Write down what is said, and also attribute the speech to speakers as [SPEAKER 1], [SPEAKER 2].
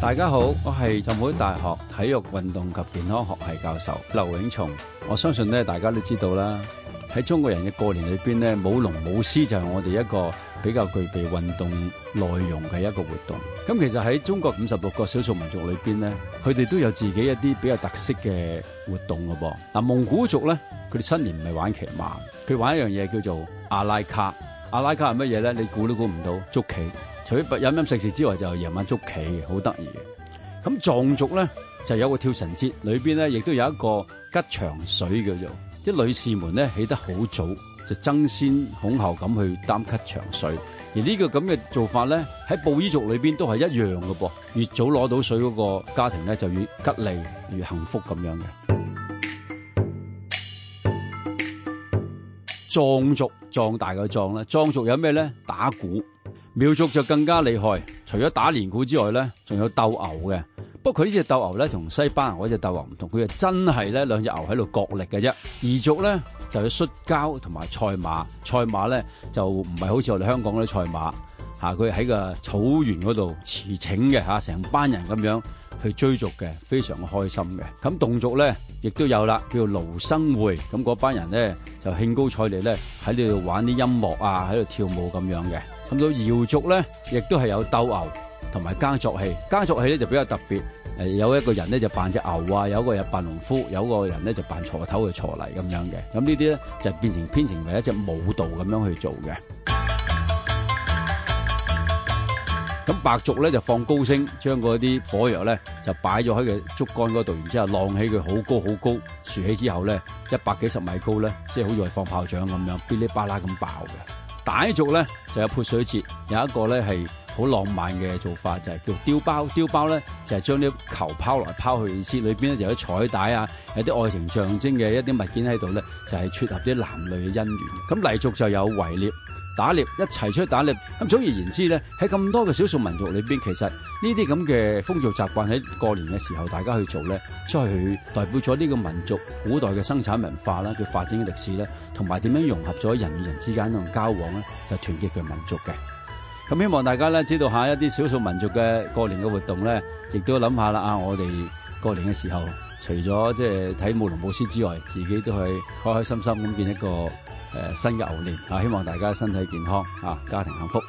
[SPEAKER 1] 大家好，我係浸會大學體育運動及健康學系教授劉永松。我相信咧，大家都知道啦，喺中國人嘅過年裏邊咧，舞龍舞獅就係我哋一個比較具備運動內容嘅一個活動。咁其實喺中國五十六個少數民族裏邊咧，佢哋都有自己一啲比較特色嘅活動噶噃。嗱，蒙古族咧，佢哋新年唔係玩騎馬，佢玩一樣嘢叫做阿拉卡。阿拉卡係乜嘢咧？你估都估唔到，捉棋。除咗飲飲食食之外，就夜、是、晚捉棋，好得意嘅。咁藏族咧就是、有個跳神節，裏邊咧亦都有一個吉祥水叫做，啲女士們咧起得好早，就爭先恐後咁去擔吉祥水。而呢個咁嘅做法咧，喺布依族裏邊都係一樣嘅噃，越早攞到水嗰個家庭咧就越吉利、越幸福咁樣嘅。壯族壯大嘅壯咧，壯族有咩咧？打鼓，苗族就更加厲害，除咗打連鼓之外咧，仲有鬥牛嘅。不過佢呢隻鬥牛咧，同西班牙嗰隻鬥牛唔同，佢就真係咧兩隻牛喺度角力嘅啫。彝族咧就有摔跤同埋賽馬，賽馬咧就唔係好似我哋香港嗰啲賽馬吓，佢喺個草原嗰度馳騁嘅吓，成、啊、班人咁樣。去追逐嘅，非常開心嘅。咁侗族咧，亦都有啦，叫做蘆笙會。咁嗰班人咧就興高采烈咧喺呢度玩啲音樂啊，喺度跳舞咁樣嘅。咁到瑤族咧，亦都係有鬥牛同埋耕作戲。耕作戲咧就比較特別，誒有一個人咧就扮隻牛啊，有一個人扮農夫，有個人咧就扮鋤頭去鋤泥咁樣嘅。咁呢啲咧就變成編成為一隻舞蹈咁樣去做嘅。咁白族咧就放高升，將嗰啲火藥咧就擺咗喺佢竹竿嗰度，然之後晾起佢好高好高，豎起之後咧一百幾十米高咧，即係好似係放炮仗咁樣，嗶哩巴啦咁爆嘅。傣族咧就有潑水節，有一個咧係好浪漫嘅做法，就係叫做丟包。丟包咧就係將啲球拋來拋去，意思裏邊咧就有彩帶啊，有啲愛情象徵嘅一啲物件喺度咧，就係撮合啲男女嘅姻緣。咁黎族就有圍獵。打獵一齊出去打獵，咁總而言之咧，喺咁多嘅少數民族裏邊，其實呢啲咁嘅風俗習慣喺過年嘅時候大家去做咧，去代表咗呢個民族古代嘅生產文化啦，佢發展嘅歷史咧，同埋點樣融合咗人與人之間嘅交往咧，就團結佢民族嘅。咁希望大家咧知道下一啲少數民族嘅過年嘅活動咧，亦都諗下啦啊！我哋過年嘅時候。除咗即係睇舞龍舞獅之外，自己都係開開心心咁，見一個誒、呃、新嘅牛年。啊，希望大家身體健康，啊，家庭幸福。